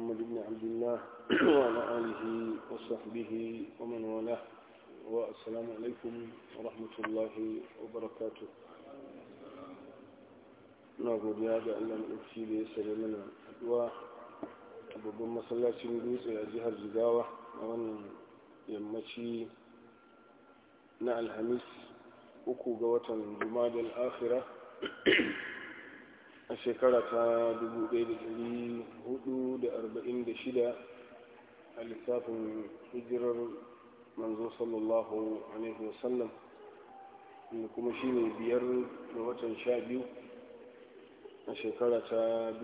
محمد بن عبد الله وعلى آله وصحبه ومن والاه والسلام عليكم ورحمة الله وبركاته نقول يا هذا أن نمشي لسلمنا حدوى أبو مسلا سندوس إلى جهة الجداوة وأن يمشي نعل الهميس وكو ga watan الآخرة a shekara ta 1446 a lissafin hijirar manzo sallallahu alaihi wasallam inda kuma shi ne biyar da watan sha biyu a shekara ta 2024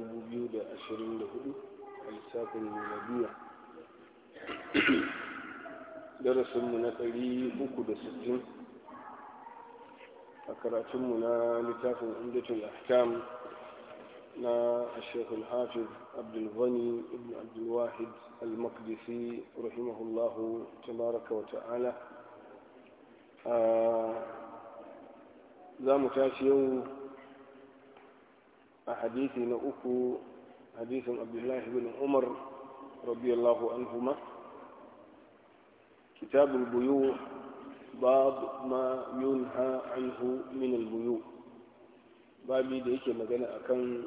a lissafin labiya darasinmu na 360 a karatunmu na littafin indicin ahkam لا الشيخ الحافظ عبد الغني بن عبد الواحد المقدسي رحمه الله تبارك وتعالى za آه، لا tashi أحاديث نؤكو حديث عبد الله بن عمر رضي الله عنهما كتاب البيوع باب ما ينهى عنه من البيوع بابي ديكي yake أكن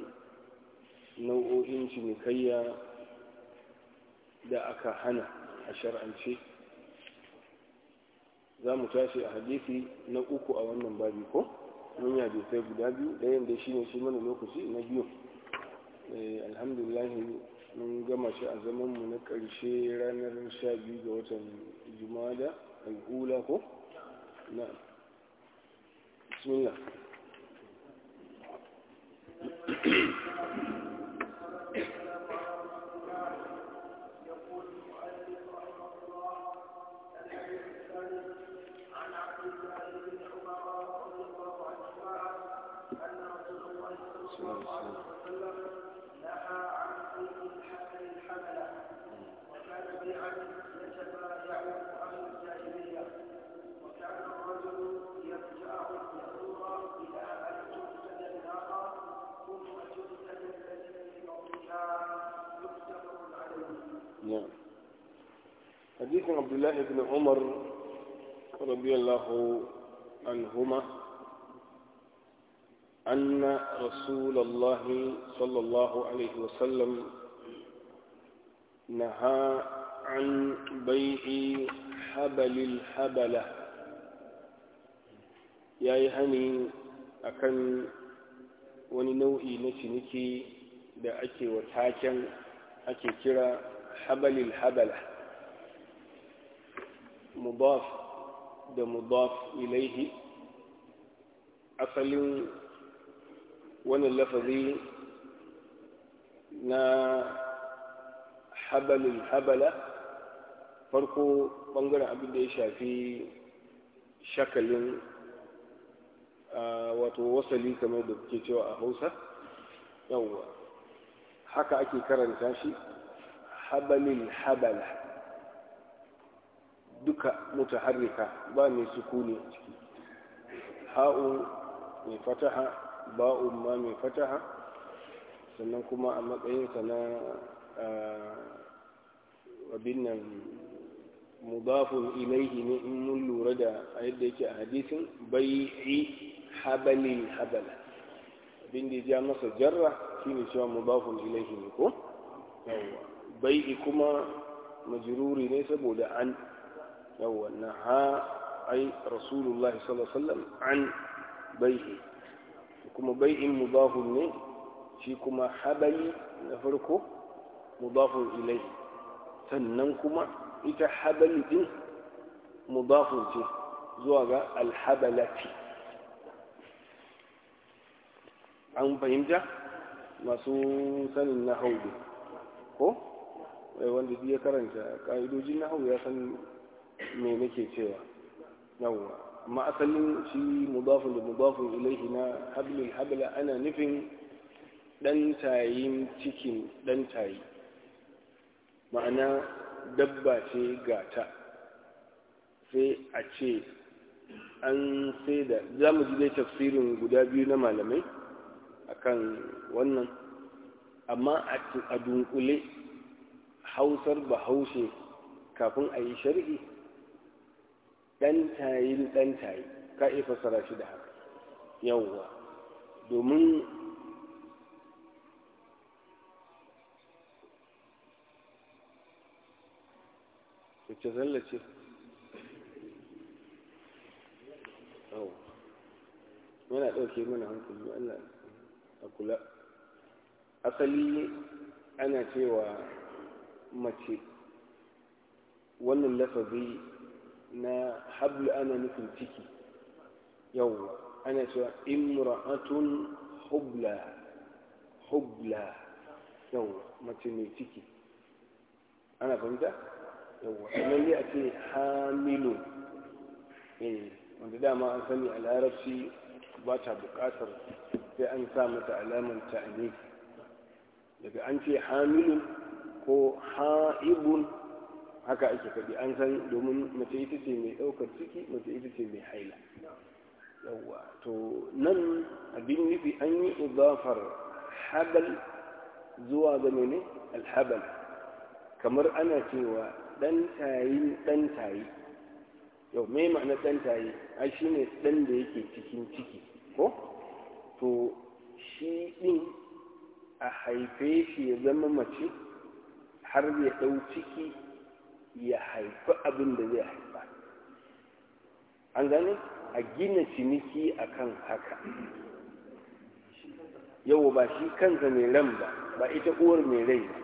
nau'o'in cinikayya da aka hana a shar'ance za mu tashi a hadisi na uku a wannan babi ko mun yi sai guda biyu ɗayan da shi ne shi mana lokaci na biyu eh, alhamdulillah mun gama shi a zaman mu na ƙarshe ranar sha ga watan jumada al'ula ko na bismillah صلى الله عليه وسلم نهى الحمله وكان الجاهليه وكان الرجل الى ان ثم عليه. نعم. حديث عبد الله بن عمر رضي الله عنهما أن رسول الله صلى الله عليه وسلم نهى عن بيع حبل الحبلة يا يهني أكن wani nau'i na ciniki da ake wa taken ake kira habalil habala mudaf da mudaf ilaihi asalin wannan lafazi na habalin habala farko bangaren abin da ya shafi shakalin wato wasali kamar da kuke cewa a hausa yawwa haka ake karanta shi habalin habala duka mutaharrika ba mai sukuni ciki ha'u mai fataha ba'un ma mai fataha sannan kuma a matsayinsa na abin nan mudafun ilaihi ne in mun lura da a yadda yake a hadisin yi habalin habala abin da ya masa jarra shi ne cewa mudafun ilaihi ne ko Bai yi kuma majruri ne saboda an yawwa na ha ai rasulullahi sallallahu alaihi wasallam an yi kuma bai'in mudafun ne shi kuma habali na farko mudafun ilai sannan kuma ita habali din mudafun ce zuwa ga alhabalati an fahimta masu sanin na haudu ko eh, wanda ya karanta ƙa'idojin na haudu ya san me nake cewa yawon amma asalin shi mudafin da mudafin ilaihi na hablul habla ana nufin dan tayin cikin dan tayi ma'ana dabba ce gata sai a ce an sai da za mu ji dai tafsirin guda biyu na malamai kan wannan amma a dunkule hausar bahaushe kafin a yi shari'i ɗan tayin ɗan tayi ka ifa fassara shi da haka yawwa domin wacce zallace yana ɗauke mana hankali Allah a kula asali ana cewa mace wannan lafazi na hablu ana nufin ciki yawwa ana cewa imra'atun hubla hubla yawwa mace mai ciki ana fahimta yawwa sannan ne a ce hamilu eh, wanda dama an sani a larabci ba ta bukatar sai an sa mata alamar ta'ani daga an ce hamilu ko ha'ibun haka ake faɗi an san domin mace ita ce mai ɗaukar ciki mace ita ce mai haila yawwa to nan abin nufi an yi idafar habal zuwa ga mene alhabal kamar ana cewa ɗan tayi yau mai ma'ana ɗan tayi a shi ne ɗan da yake cikin ciki ko to shi ɗin a haife shi ya zama mace har ya ɗau ciki ya haifi abin da zai haifa an gane a gina ciniki a kan haka yau ba shi kansa mai ran ba ba ita uwar mai rai ba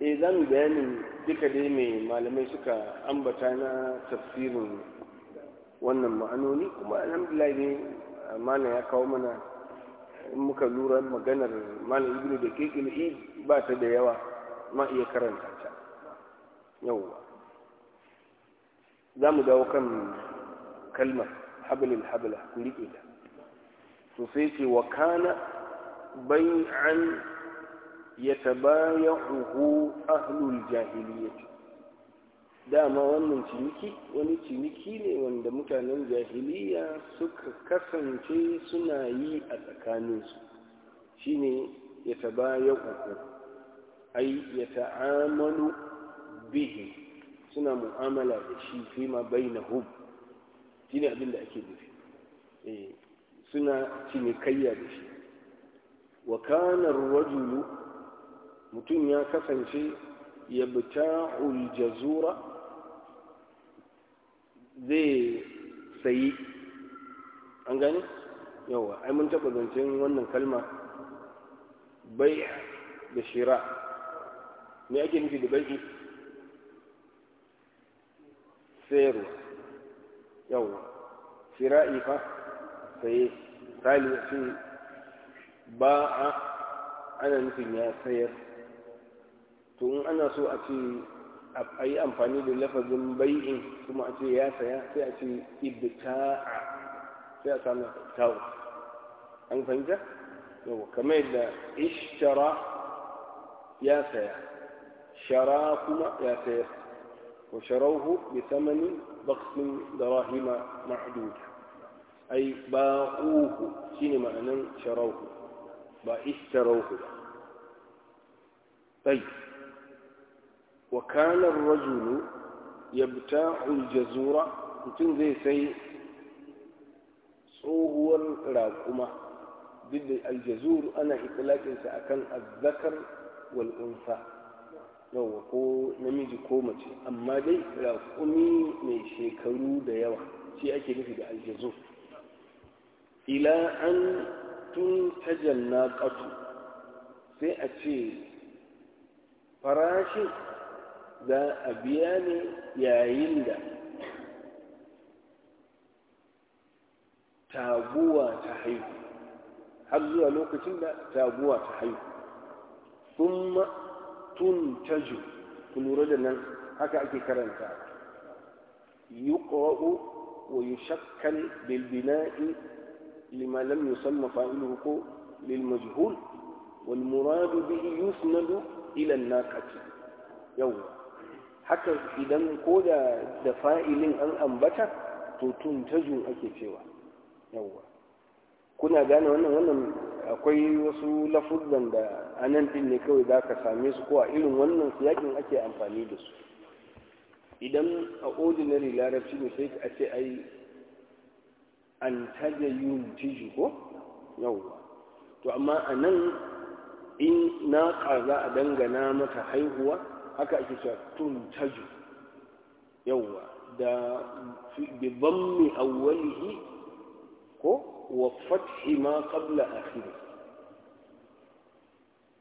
e za mu bayanin duka dai mai malamai suka ambata na tafsirin wannan ma'anoni kuma alhamdulillah ne mana ya kawo mana in muka lura maganar mana ibnu da kekil ba ta da yawa ma iya karanta yawwa za mu dawo kan kalmar hablil habla ku riƙe ta to sai ce wa kana ya ya yatabayahu ahlul jahiliya. dama wannan ciniki wani ciniki ne wanda mutanen jahiliya suka kasance suna yi a tsakaninsu shine ai ya ta'amalu. bihi suna mu'amala da shi fi ma hub shine abin da ake nufi eh, suna cinikayya da shi wa kana rajulu mutum ya kasance ya yabta'ul jazura zai sayi an gane yawa ai mun taɓa zancen wannan kalma bai da shira me ake nufi da bai'i sayarwa yawa shira'i fa saye misali a ce ba a ana nufin ya sayar to in ana so a ce a yi amfani da lafazin bai'in kuma a ce ya saya sai a ce ibta'a sai a samu tawo an fahimta yawa kamar yadda ishtara ya saya shara kuma ya sayar وشروه بثمن بخس دراهم معدودة أي باقوه سينما معنى شروه شروه طيب وكان الرجل يبتاع الجزورة mutum ذي سي tsohuwar raƙuma ضد الجزور أنا ana itilaƙinsa akan azzakar wal'unsa yawa ko namiji ko mace amma dai raƙumi mai shekaru da yawa shi ake nufi da aljazo ila an tun tajanna ƙatu sai a ce farashin za a biya ne yayin da taguwa ta haihu har zuwa lokacin da taguwa ta haihu tuntaju ku lura da nan haka ake karanta yuqra'u wa yushakkal bil bina'i lima lam yusamma fa'iluhu ko lil majhul wal murad bihi yusnadu ila an-naqati yawa haka idan ko da fa'ilin an ambata to tun tuntaju ake cewa yawa kuna gane wannan wannan akwai wasu lafuzzan da a nan din ne kawai za ka same su ko a irin wannan siyakin ake amfani da su idan a ordinary larabci ne sai a ce a yi an taja yuntiju ko yawwa to amma a nan in na za a dangana mata haihuwa haka ake cewa tun taju yawwa da mai awwalihi ko wa fathi ma qabla akhirih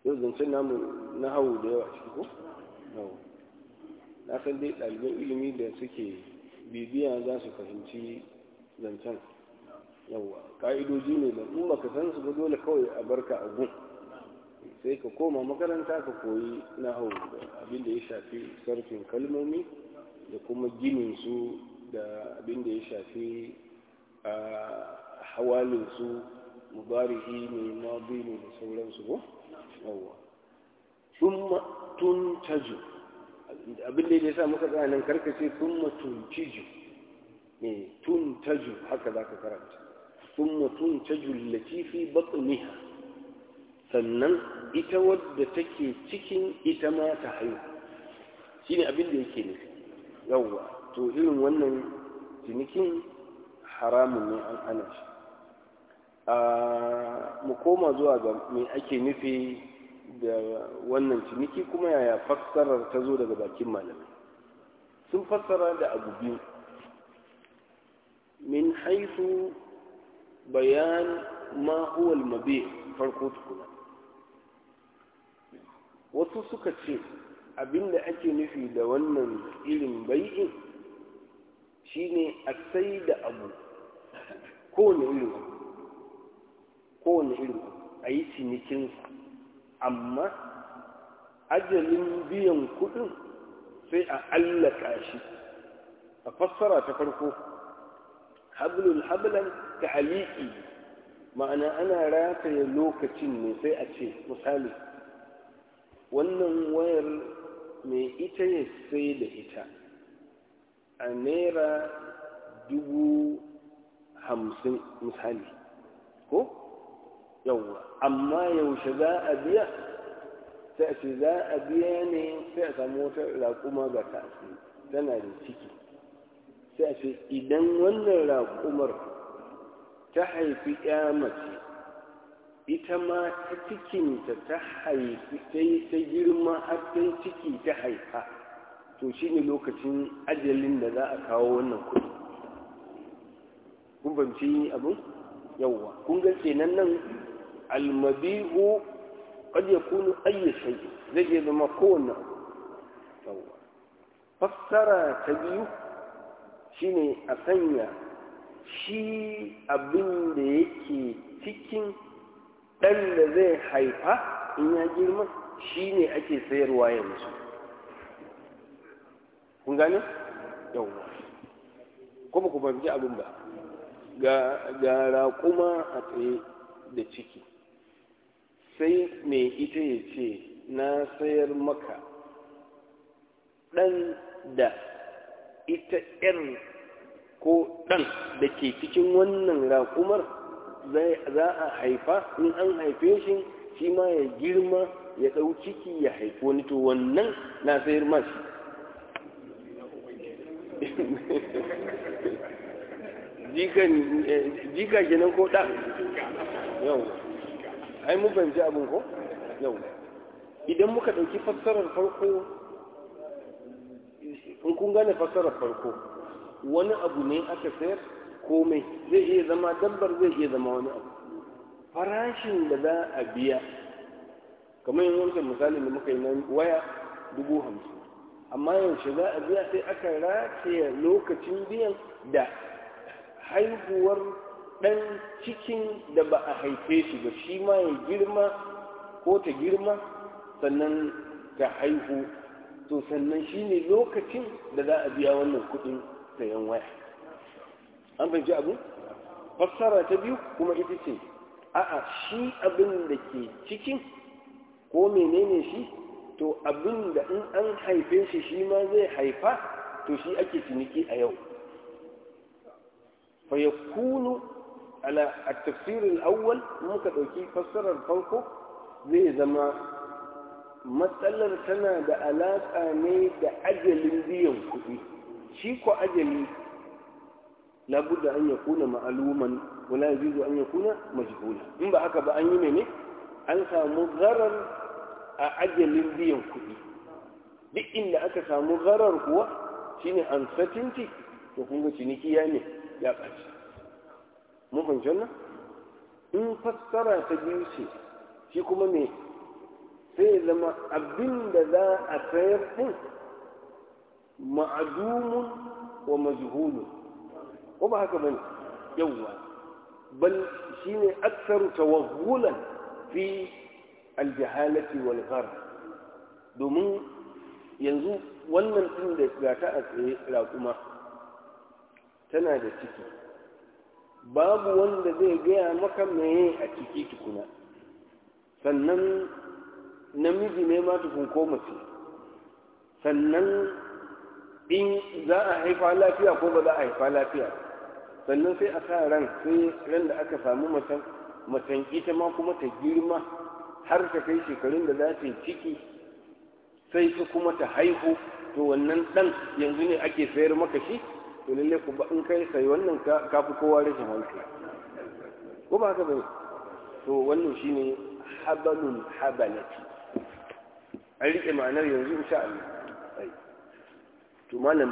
yau zancen namu na hau da yawa ciki ko na san dai ɗaliban ilimi da suke bibiya za su fahimci zancen yawa ƙa'idoji ne da in ka san su ba dole kawai a barka a gun sai ka koma makaranta ka koyi na hau da abin da ya shafi sarfin kalmomi da kuma ginin su da abin da ya shafi a hawalinsu mubarihi ne mabi ne da sauransu ko yawwa sun tuntaju abin da ya sa muka tsaya nan karkace thumma tuntiju ne tuntaju haka za ka karanta thumma tuntaju allati fi batniha sannan ita wadda take cikin ita ma ta haihu ne abin da yake nufi yawwa to irin wannan cinikin haramun ne an ana shi ah, mu koma zuwa ga me ake nufi da wannan ciniki kuma yaya fassarar ta zo daga bakin malamai sun fassara da abu biyu min haifu bayan ma mabe farko tukuna wasu suka ce abinda ake nufi da wannan irin bai'in shine a sai da abu kowane irin kowane a yi cinikinsa amma ajalin biyan kuɗin sai a allaka shi a fassara ta farko hablul hablan ta aliki ma'ana ana rataye lokacin ne sai a ce misali wannan wayar mai ita ya sai da ita a naira dubu hamsin misali ko yawwa amma yaushe za a biya sai ce za a biya ne sai a samu wata raƙuma ga kasi tana da ciki sai a ce idan wannan raƙumar ta haifi ya mace ita ma ta cikinta ta haifi sai ta girma har ta ciki ta haifa to shi ne lokacin ajalin da za a kawo wannan kuɗi kun fahimci abin yawwa kun ga kenan nan almabi'u qad yakunu ayyu shay zai iya zama kowanne yawa fassara ta biyu shine a sanya shi abin da yake cikin ɗan da zai haifa in ya girma shi ne ake sayarwa yanzu kun gane? yawwa kuma ku fahimci abin ba ga raƙuma a tsaye da ciki sai mai ita ya ce na sayar maka ɗan da ita ‘yar ko ɗan da ke cikin wannan raƙumar za a haifa in an haife shi shi ma ya girma ya ɗau ciki ya haifo ni to wannan na sayar ma eh, jika kenan ko ɗan yau ai mun fahimci abin ko yau idan muka ɗauki fassarar farko in kun gane fassarar farko wani abu ne aka sayar komai zai iya zama dabbar zai iya zama wani abu farashin da za a biya kamar yin wancan misalin da muka yi na waya dubu hamsin amma yaushe za a biya sai aka rataya lokacin biyan da haihuwar ɗan cikin da ba a haife shi ba shi ma ya girma ko ta girma sannan ta haihu to sannan shi ne lokacin da za a biya wannan kuɗin sayan waya an fahimci abu fassara ta biyu kuma ita ce a'a shi abin da ke cikin ko menene shi to abin da in an haife shi shi ma zai haifa to shi ake ciniki a yau fa ya kunu. على التفسير الأول ممكن أوكي فسر الفرق زي زما مسألة سنة دا ألاقى مي دا أجل ديهم كذي شيكو أجل لابد أن يكون معلوما ولا يجوز أن يكون مجهولا إن بحكى بأني مني أنسى مضرر أجل ديهم كذي بإن أكسى مضرر هو شيني أنسى تنتي وكونك شيني كياني يا بأجل mun fahimci in fassara ta biyu ce shi kuma me sai ya zama abin da za a sayar ɗin ma'adumun wa majhulun ko ba haka bane yawwa bal shine aksaru tawaghulan fi aljahalati wal ghar domin yanzu wannan din da ga ta a tsaye raƙuma tana da ciki babu wanda zai gaya maka mai a ciki tukuna sannan namiji ne ma tukun ko mace sannan in za a haifa lafiya ko ba za a haifa lafiya sannan sai a sa ran sai ran da aka samu macen ita ma kuma ta girma har ta kai shekarun da za ta yi ciki sai ta kuma ta haihu to wannan ɗan yanzu ne ake sayar maka shi to lalle ku in kai sai wannan ka fi kowa rashin hankali ko ba haka bane to wannan shine habalun habalati an rike ma'anar yanzu insha Allah to malam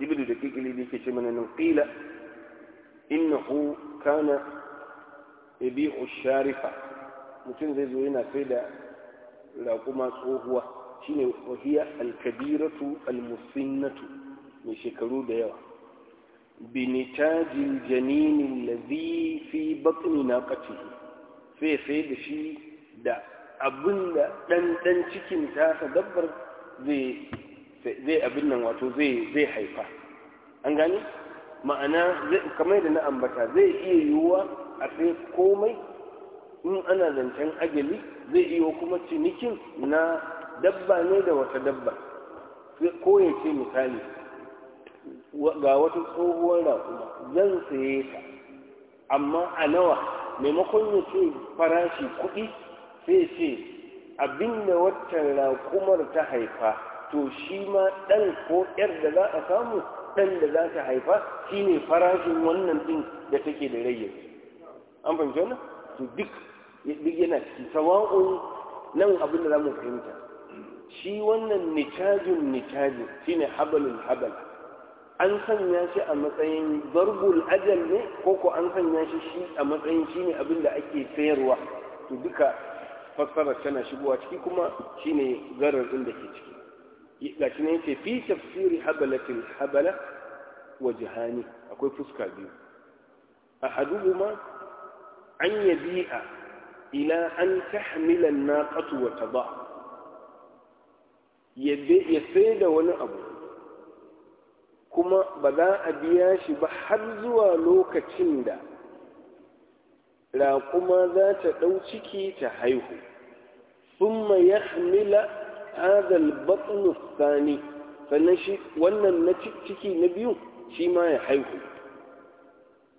ibnu da kikili da yake ce mana nan qila innahu kana yabi'u sharifa mutum zai zo yana sai da raƙuma tsohuwa shine wahiya alkabiratu almusinnatu mai shekaru da yawa binitajin janinin lazi fi bakini na kaci fefe da shi da abin da ɗanɗan cikin tasa dabbar zai abin nan wato zai haifa an gani ma'ana kamar da na ambata zai iya yiwuwa a sai komai in ana zancen ajali zai iya kuma cinikin na dabba ne da wata dabba ko ya ce misali ga wata tsohuwar raƙuma zan saye ta amma a nawa maimakon ya ce farashi kuɗi sai ce da waccan raƙumar ta haifa to shi ma ɗan ko ƴar da za a samu ɗan da za ta haifa shi ne farashin wannan ɗin da take da rayu an fahimci wannan to duk yana ciki sawa'un nan abin da za mu fahimta shi wannan nitajin nitajin ne habalin habal an sanya shi a matsayin zargul ajal ne ko ko an sanya shi shi a matsayin shi ne abin ake sayarwa to duka fassara tana shigowa ciki kuma shine ne garar ɗin da ke ciki ga shi ne ce fi tafsiri habalatin habala wa jihani akwai fuska biyu a ma an yabi'a ila an tahmila naqatu wa ba? ya sai da wani abu kuma ba za a biya shi ba har zuwa lokacin da raƙuma za ta ɗau ciki ta haihu sun ya hamila hadal batsunus sani sannan shi wannan na ciki na biyu shi ma ya haihu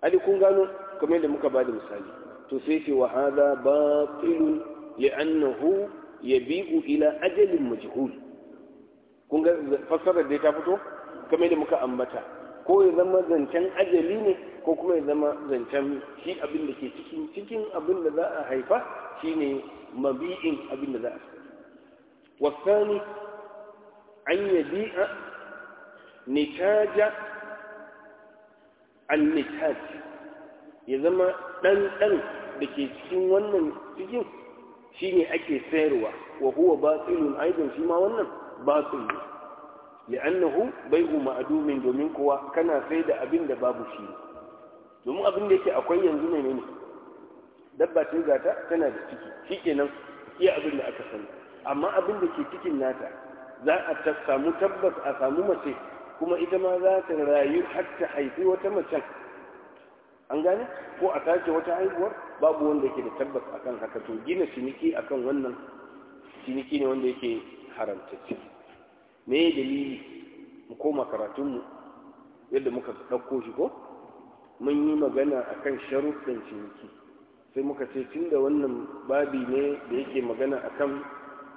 ali kun gano kamar da muka ba da misali to sai ce wa hada batilun li'annahu yabi'u ila ajalin majhul kun ga fassarar da ta fito kamar da muka ambata ko ya zama zancen ajali ne ko kuma ya zama zancen shi abin da ke cikin cikin abin da za a haifa shine mabi'in abin da za a wasani an yabi'a nitaja al-nitaj ya zama dan dan da ke cikin wannan cikin shine ake sayarwa wa huwa batilun aidan shi ma wannan batil ne li'annahu bai'u ma'dumin domin kowa kana sai da abin da babu shi domin abin da yake akwai yanzu ne ne dabba ce gata tana da ciki shikenan iya abin da aka sani amma abin da ke cikin nata za a samu tabbas a samu mace kuma ita ma za ta rayu har ta haifi wata macen an gane ko a tace wata haihuwar babu wanda yake da tabbas akan haka to gina ciniki akan wannan ciniki ne wanda yake haramtacce me dalili mu koma karatunmu yadda muka ɗauko shi ko mun yi magana a kan sharuɗin ciniki sai muka ce tun da wannan babi ne da yake magana a kan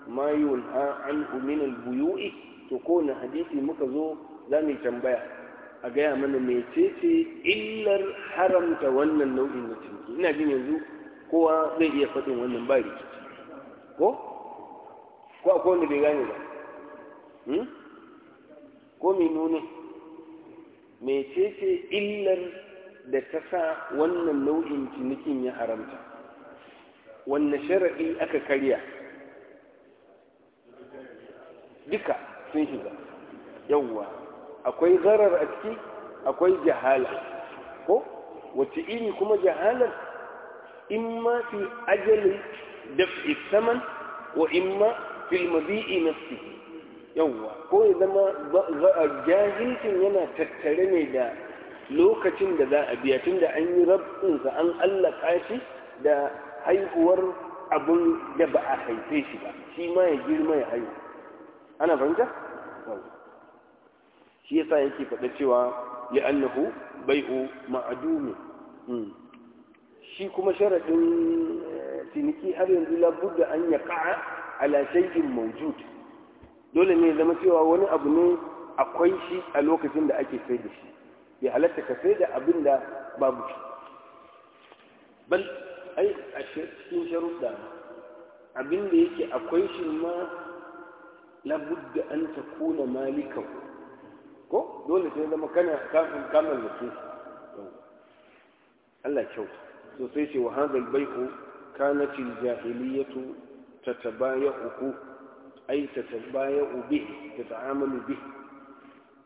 mayun an uminal buyu'i to kowane hadisi muka zo za mu yi tambaya a gaya mana mecece illar haramta wannan nau'in na ciniki ina jin yanzu kowa zai iya faɗin wannan ba rikici ko ko akwai wanda bai gane ba Hmm? ko mai nuna mecece illar da ta sa wannan nau'in cinikin ya haramta wanne shara'i aka karya duka sun shiga yawwa akwai zarar a ciki akwai jahala ko wace iri kuma jahalar in ma fi ajalin fi saman wa in ma fil mabi'i fi yawwa ko ya zama jahilcin yana tattare ne da lokacin da za a biya tun da an yi rabinsa an allaka shi da haihuwar abun da ba a haife shi ba shi ma ya girma ya haihu ana fahimta? shi ya sa yake faɗa cewa ya annahu bai'u ma'adumi hmm. shi kuma sharaɗin eh, ciniki har yanzu labudda an ya ƙa'a ala shay'in mawjud dole ne zama cewa wani abu ne akwai shi a lokacin da ake sai da shi ya halatta ka sai da abin da babu shi bal ai a cikin sharuɗa abin da yake akwai shi ma labudda an ta kuna malikan ko dole sai zama kana kafin kamar da ke Allah kyau so sai ce wa hadal bai'u kana al-jahiliyatu uku? ai ta tambaya ubi ta ta'amalu bi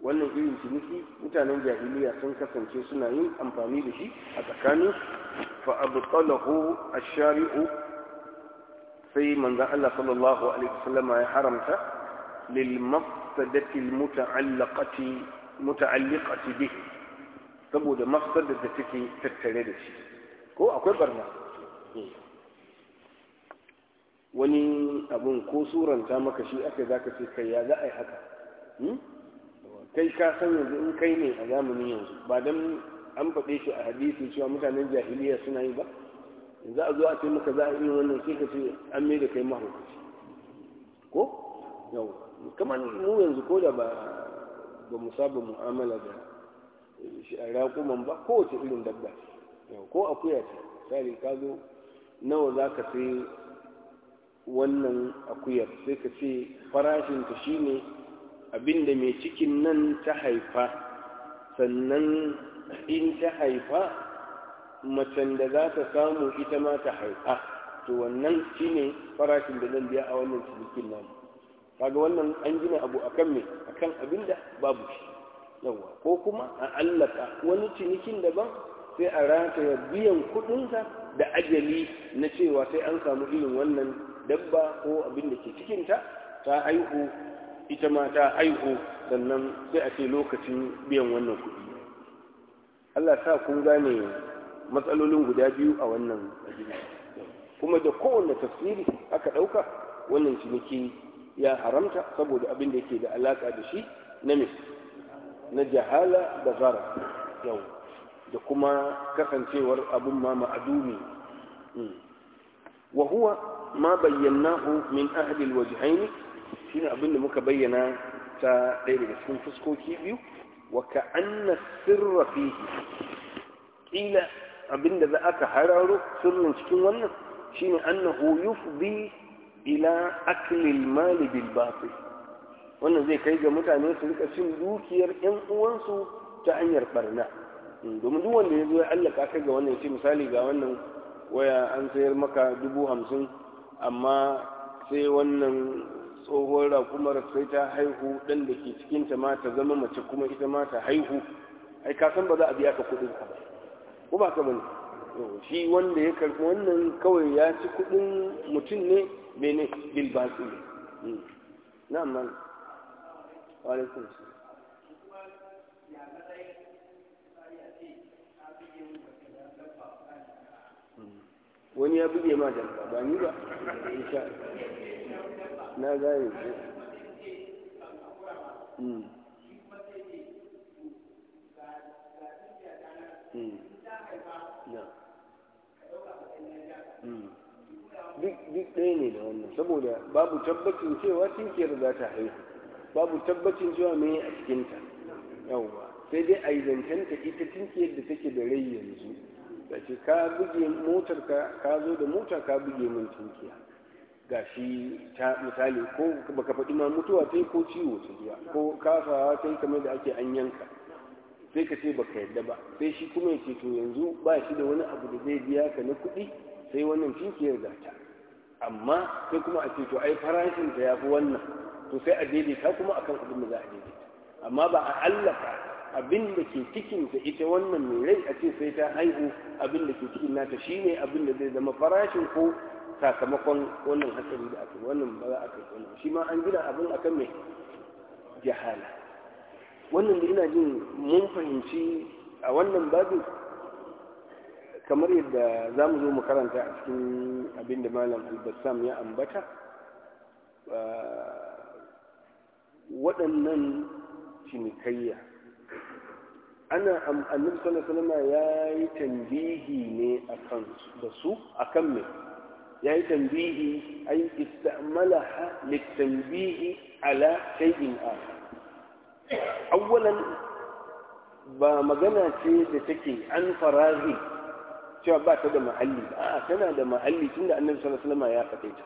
wannan irin ciniki mutanen jahiliya sun kasance suna yin amfani da shi a tsakanin fa abtalahu ash-shari'u sai manzon Allah sallallahu alaihi wasallam ya haramta lil mafsadati al-muta'allaqati muta'alliqati bihi saboda mafsadar da take tattare da shi ko akwai barna wani abun ko suranta maka shi aka za ka ce kai ya za a yi haka hmm? kai ka san yanzu in kai ne a zamanin yanzu ba don an faɗe shi a hadisi cewa mutanen jahiliya suna yi ba za a zo a ce maka za a yi wannan sai ka ce an mai da kai mahaukaci ko yau kamar mu yanzu ko da ba ba mu saba mu'amala da shi a rakuman ba kowace irin dabba ko akuya ce sai ka zo nawa za ka sai wannan akuyar sai ka ce farashinta ne abinda mai cikin nan ta haifa sannan in ta haifa macen da za ta samu ita ma ta haifa to wannan shi ne farashin da zan biya a wannan cinikin nan kaga wannan an gina abu akan me akan abinda babu shi yawa ko kuma a allaka wani cinikin daban sai a rataya biyan kudinsa da ajali na cewa sai an samu irin wannan dabba ko abin da ke cikinta ta haihu ita ma ta haihu sannan sai a ce lokacin biyan wannan kuɗi Allah sa kun gane matsalolin guda biyu a wannan ajiyar kuma da kowane tafsiri aka ɗauka wannan ciniki ya haramta saboda abin da yake da alaƙa da shi na mis na jahala da zara yau da kuma kasancewar abin ma ma'adumi hmm. wa huwa ma bayyanahu min ahli alwajhaini shine abinda muka bayyana ta ɗaya daga cikin fuskoki biyu wa ka'anna sirra fihi kila abinda za aka hararo sirrin cikin wannan shine annahu yufdi ila akli almal bil batil wannan zai kai ga mutane su rika cin dukiyar ƴan uwansu ta hanyar barna domin duk wanda ya zo ya allaka kai ga wannan shi misali ga wannan waya an sayar maka dubu hamsin amma sai wannan tsohuwar rakumar sai ta haihu ɗan da ke cikin ma ta zama mace kuma ita ma ta haihu ai ka san ba za a biya ka kuɗin ka ba ko ba ka bane shi wanda ya karɓi wannan kawai ya ci kuɗin mutum ne mene bilbatsu ne? Hmm. na'am amma wa alaikum wani ya buge ma da ba ni ba insha na gane shi mm hmm. hmm. duk ɗaya ne da wannan saboda babu tabbacin cewa tinkiyar za ta haihu babu tabbacin cewa mai a cikinta yawwa sai dai a yi zancenta ita tinkiyar da take da rai yanzu ga ka buge motar ka zo da mota ka buge min tunkiya ga shi ta misali ko baka faɗi ma mutuwa ta yi ko ciwo ta jiya ko kafawa ta yi kamar da ake an yanka sai ka ce baka yadda ba sai shi kuma ya ce to yanzu ba shi da wani abu da zai biya ka na kuɗi sai wannan tunkiyar za ta amma sai kuma a ce to ai farashin ta ya fi wannan to sai a daidaita kuma akan abin da za a daidaita amma ba a allaka abin da ke cikin ta ita wannan mai rai a ce sai ta haihu abin da ke cikin nata shi ne abin da zai zama farashin ko sakamakon wannan hatsari da aka wannan ba za a kai wannan shi ma an gina abin a kan mai jahala wannan da ina jin mun fahimci a wannan babu kamar yadda za mu zo mu karanta a cikin abin da malam albassam ya ambata ah, waɗannan cinikayya ana annabi sallallahu alaihi wasallam yi tambihi ne akan da su akan me yi tanbihi ay istamalaha litanbihi ala shay'in akhar awwalan ba magana ce da take an farazi cewa ba ta da mahalli a tana da mahalli tunda annabi sallallahu alaihi wasallam ya faɗe ta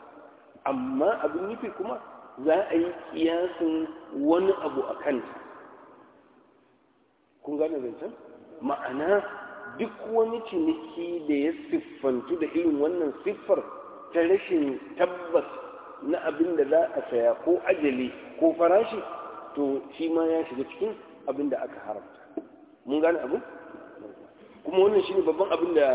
amma abin nufi kuma za a yi kiyasin wani abu a kanta kun gane zancen ma'ana duk wani ciniki da ya siffantu da irin wannan siffar ta rashin tabbas na abin da za a saya ko ajali ko farashi to shi ma ya shiga cikin abin da aka haramta mun gane abu kuma wannan shi ne babban abin da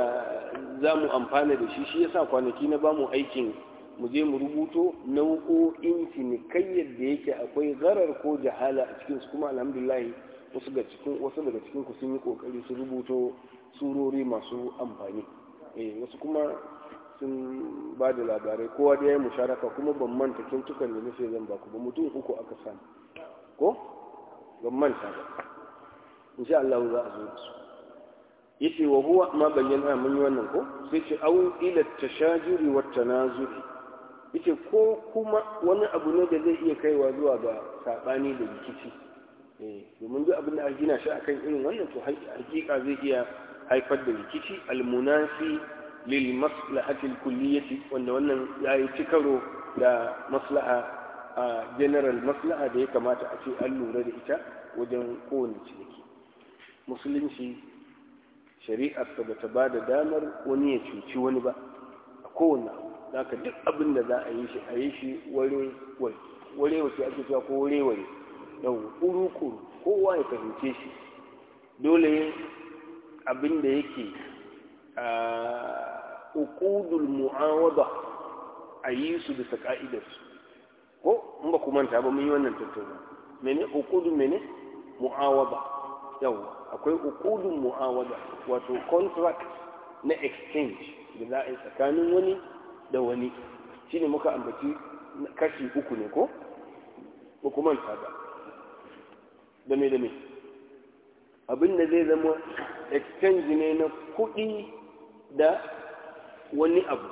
za mu amfana da shi shi ya sa kwanaki na bamu aikin mu je mu rubuto nau'o'in cinikayyar da yake akwai zarar ko jahala a cikinsu kuma alhamdulahi wasu daga cikin ku sun yi kokari su rubuto surori masu amfani eh, wasu kuma sun ba da labarai kowa da ya yi musharaka kuma ban manta kyautukan da nufi zan baku ba mutum uku aka sami, ko ban manta ba sha Allah za a zo da su yace wa huwa ma bayyana mun yi wannan ko sai ce au ila tashajuri wa tanazuri yace ko kuma wani abu ne da zai iya kaiwa zuwa ga sabani da rikici Eh, domin duk abin da aka gina shi akan irin wannan to hakika zai iya haifar da rikici almunasi lil maslahati kulliyati wanda wannan ya yi ci da maslaha a general maslaha da ya kamata a ce an lura da ita wajen kowane ciniki musulunci shari'ar ta bata ba da damar wani ya cuci wani ba a kowane abu duk abin da za a yi shi a yi shi warewa ce ake cewa ko warewa ne. yau kuru-kuru kowa ya fahimce shi dole abin da yake ukudul mu'awada a yi su bisa ka'idarsu ko in ba ku manta ba mun yi wannan tattauna mene uqudul mene mu'awada yau akwai ukudul mu'awada wato contract na exchange da za a yi tsakanin wani da wani shine muka ambaci kashi uku ne ko ba kuma ta ba Dame dame abin da zai zama exchange ne na kuɗi da wani abu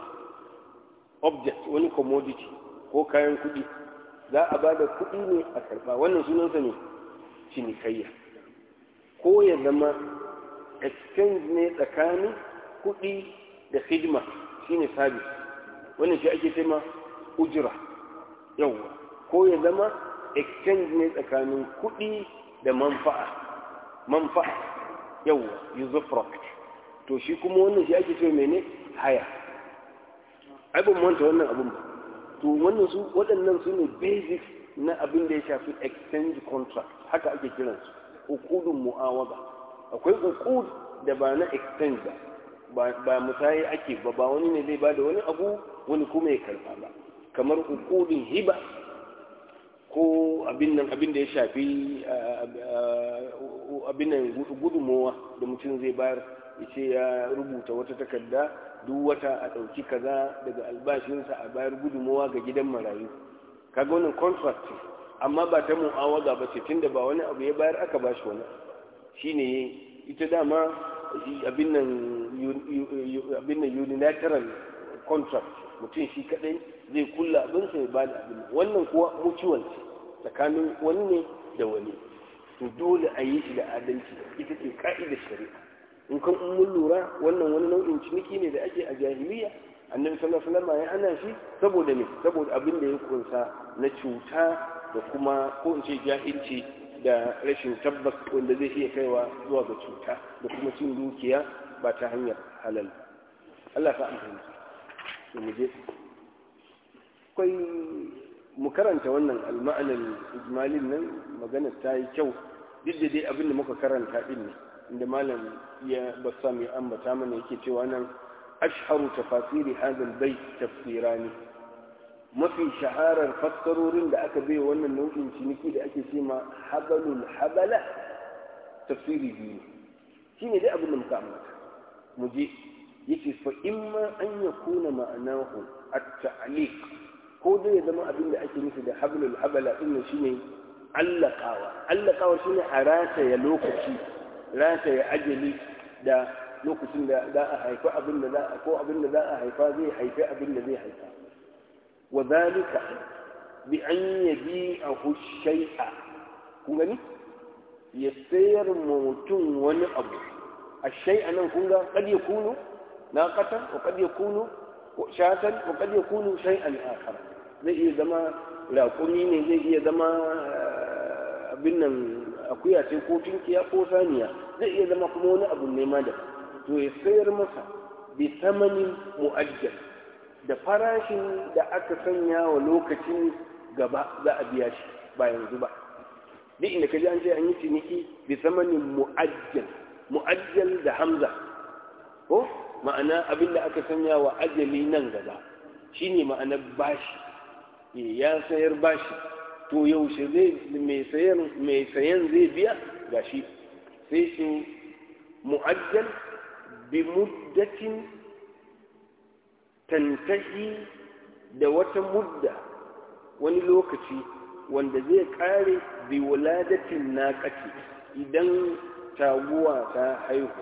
object wani commodity ko kayan kuɗi za a ba da kuɗi ne a karɓa wannan sunansa ne cinikayya ko ya zama exchange ne tsakanin kuɗi da hidima shine sabis wannan shi ake cema ujira yawwa ko ya zama exchange ne tsakanin kuɗi da manfa'a manfa'a yau profit to shi kuma wannan shi ake cewa mene haya abin manta wannan abin ba to wannan su waɗannan su ne basic na abin da ya shafi exchange contract haka ake kiransu ukudun mu'awaba akwai ukud da ba na exchange ba ba musaye ake ba ba wani ne zai ba da wani abu wani kuma ya karba ba kamar ukudin hiba ko abin nan abin da ya shafi abin nan gudunmowa da mutum zai bayar ya ce ya rubuta wata takarda duk wata a ɗauki kaza daga albashinsa a bayar gudunmowa ga gidan marayu kaga wannan contract amma ba ta mu'awaga ba ce tunda ba wani abu ya bayar aka ba shi wani shine ita dama abin nan unilateral contract mutum shi kadai. zai kulla abin sa ba bani abin wannan kuwa ce tsakanin wani ne da wani to dole a yi shi da adalci ita ce ka'idar shari'a in kan mun lura wannan wani nau'in ciniki ne da ake a jahiliya annabi sallallahu alaihi wasallam ya ana shi saboda ne, saboda abin da ya kunsa na cuta da kuma ko in ce jahilci da rashin tabbas wanda zai iya kaiwa zuwa ga cuta da kuma cin dukiya ba ta hanyar halal Allah ta amfani mu je akwai mu karanta wannan alma'anar ijmalin nan magana ta yi kyau duk da dai abin da muka karanta din ne inda malam ya mai mai ambata mana yake cewa nan ashharu tafasiri bai albayt tafsirani mafi shaharar fassarorin da aka bai wannan nau'in ciniki da ake ma, habalul habala tafsiri biyu shine dai abin da muka ambata mu je yake fa imma an yakuna ma'anahu at-ta'liq ko dai ya zama abin da ake nufi da hablul habala din shine allakawa allakawa shine a rataya lokaci rataya ajali da lokacin da za a haifa abin da za a ko abin da za a haifa zai haifi abin da zai haifa wa zalika bi an yabi a shay'a kun gani ya sayar mutum wani abu a shay'a nan kun ga kad yakunu naqatan wa kad yakunu shatan wa kad yakunu shay'an akhar zai iya zama raƙumi ne zai iya zama eh, abin nan akuya ce ko tunkiya ko saniya zai iya zama kuma wani abu ne da to ya sayar masa bi samanin mu'ajjal da farashin da aka sanya wa lokacin gaba za a biya shi ba yanzu ba duk inda kaji an ce an yi ciniki bi samanin mu'ajjal mu'ajjal da hamza ko ma'ana abin da aka sanya wa ajali nan gaba shine ma'anar bashi Eh, ya sayar bashi to yaushe zai mai sayan zai biya gashi sai shi mu'ajjal bi muddatin tantahi da wata mudda wani lokaci wanda zai kare bi wuladatin naqati idan taguwa ta haihu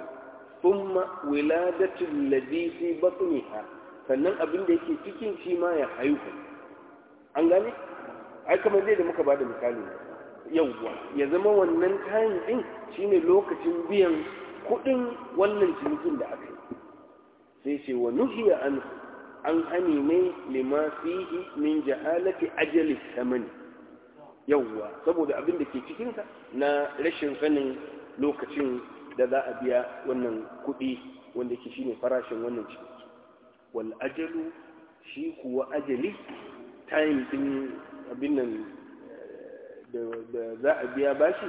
thumma wiladatin ladhi ne batniha sannan abin da yake cikin shi ma ya haihu an gane ai kamar zai da muka bada misali yauwa ya zama wannan kayan din shine lokacin biyan kuɗin wannan cinikin da aka yi sai ce wa nuhiya an an hani ne lima fihi min ja'alati ajali samani yauwa saboda abin da ke cikinsa na rashin sanin lokacin da za a biya wannan kuɗi wanda ke shine farashin wannan ciniki wal ajalu shi kuwa ajali time din abin nan da za a biya bashi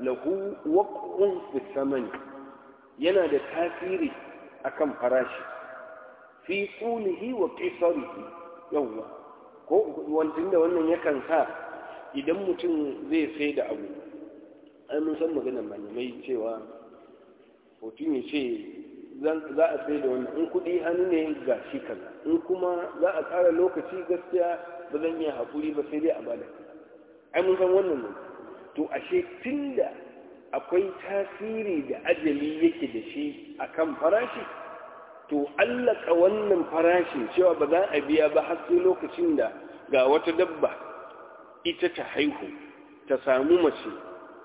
lahu waq'un fi yana da tasiri akan farashi fi qulihi wa qisarihi yawwa ko wannan da wannan yakan sa idan mutum zai sai da abu ai mun san maganar malamai cewa mutum ya ce za a sai da wannan in kuɗi hannu ne ga shi kaza in kuma za a tsara lokaci gaskiya ba zan iya haƙuri ba sai dai a bada ai mun san wannan ne to ashe tunda akwai tasiri da ajali yake da shi a kan farashi to allaka wannan farashin cewa ba za a biya ba har sai lokacin da ga wata dabba ita ta haihu ta samu mace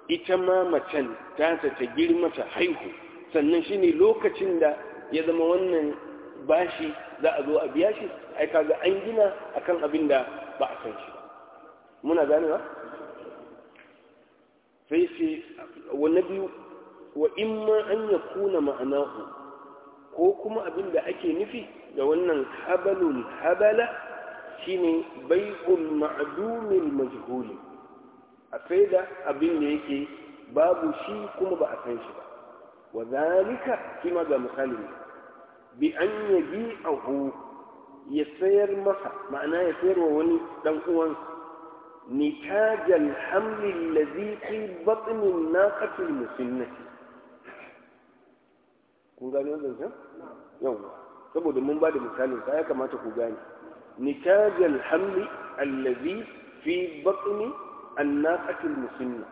ita ma macen ta ta girma ta haihu sannan shine lokacin da ya zama wannan bashi za a zo a biya shi ai kaga an gina akan abin da ba a san shi muna ganewa sai shi wa na biyu wa imma an yakuna ma'anahu ko kuma abin da ake nufi da wannan habalul habala shine bai'un ma'dumin majhuli a sai da abin da yake babu shi kuma ba a san shi ba وذلك كما قال مخالف بأن يجيءه يسير مصر معناه يسير ووني دنقوان نتاج الحمل الذي في بطن الناقة المسنة كون قال يوم ذلك نعم. يوم سبو دمون بعد مثال فايا كما تقول قال نتاج الحمل الذي في بطن الناقة المسنة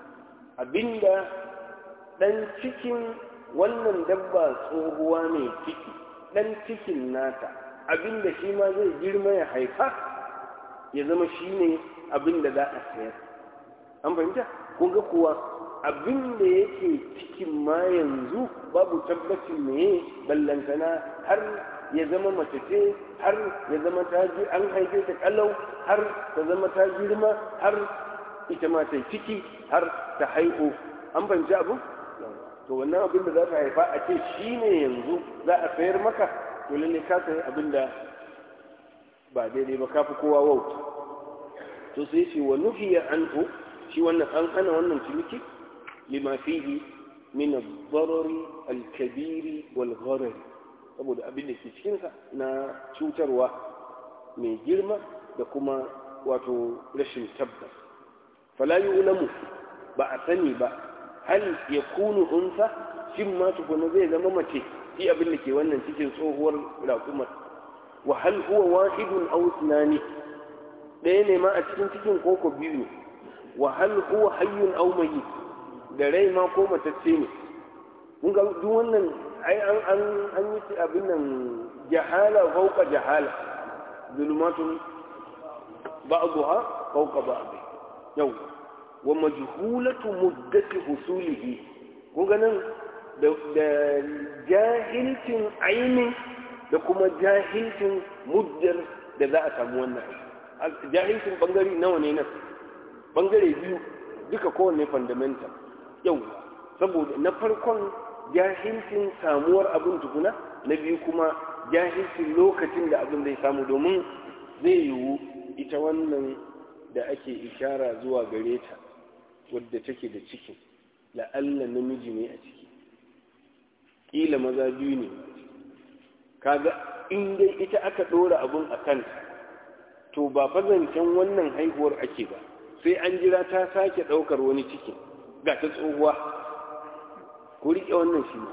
أبين ده دن تكين wannan dabba tsohuwa mai ciki ɗan cikin nata Abinda shi ma zai girma ya haifa ya zama shi ne abinda za a sayar an fahimta Ko ga kuwa abinda yake cikin ma yanzu babu tabbacin meye ballantana har ya zama mace har ya zama ta ji an haife ta kalau har ta zama ta girma har ita ma ciki har ta haihu an fahimci abu to wannan abin da za ka haifa a ce shi ne yanzu za a sayar maka to lalle ka sayi abin da ba daidai ba ka fi kowa wauta to sai ce wa nuhiya anhu shi wannan an hana wannan ciniki lima fihi min ad-darari al-kabiri wal gharari saboda abin da ke cikinka na cutarwa mai girma da kuma wato rashin tabbas fala yu'lamu ba a sani ba hal ya kunu unsa shin ma tukuna zai zama mace shi abin da ke wannan cikin tsohuwar raƙumar wa hal huwa wahidun aw sunani ɗaya ne ma a cikin cikin koko biyu ne wa hal huwa hayyun aw mayyit da rai ma ko matacce ne mun ga duk wannan ai an an an yi abin nan jahala fawqa jahala zulmatun ba'daha fawqa ba'd yau wa majhulatu muddati husulihi kun ganin da jahilcin aini da kuma jahilcin muddar da za a samu wannan jahilcin bangare nawa ne nan bangare biyu duka kowanne fundamental yau saboda na farkon jahilcin samuwar abin tukuna na biyu kuma jahilcin lokacin da abin zai samu domin zai yiwu ita wannan da ake ishara zuwa gare ta wadda take da ciki la'alla namiji ne a ciki ƙila maza biyu ne kaga in dai ita aka ɗora abun a kanta to ba fazancen wannan haihuwar ake ba sai an jira ta sake ɗaukar wani ciki ga ta tsohuwa ku riƙe wannan shi ma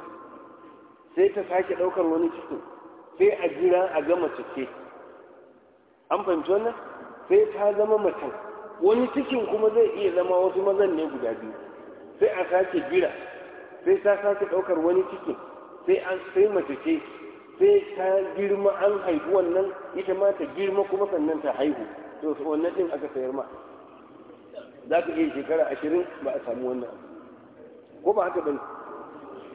sai ta sake ɗaukar wani cikin sai a jira a gama cike an fahimci wannan sai ta zama mace wani cikin kuma zai iya zama wasu mazan ne guda biyu sai a sake jira sai ta sake ɗaukar wani cikin sai an sai mace ce sai ta girma an haihu wannan ita ma ta girma kuma sannan ta haihu to wannan ɗin aka sayar ma za ka iya shekara ashirin ba a samu wannan ko ba haka bane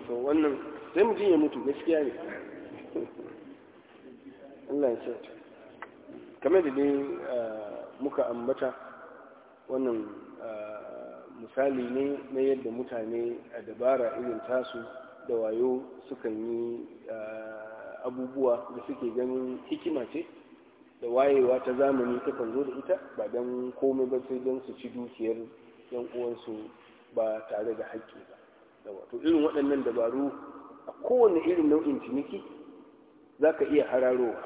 to wannan sai mutum ya mutu gaskiya ne Allah ya ce kamar da dai eh, muka ambata wannan misali ne na yadda mutane a dabara irin tasu da wayo sukan yi abubuwa da suke ganin hikima ce da wayewa ta zamani takan zo da ita ba don komai ba sai don su ci dukiyar yan uwansu ba tare da haƙƙi ba da wato irin waɗannan dabaru a kowane irin nau'in ciniki za ka iya hararowa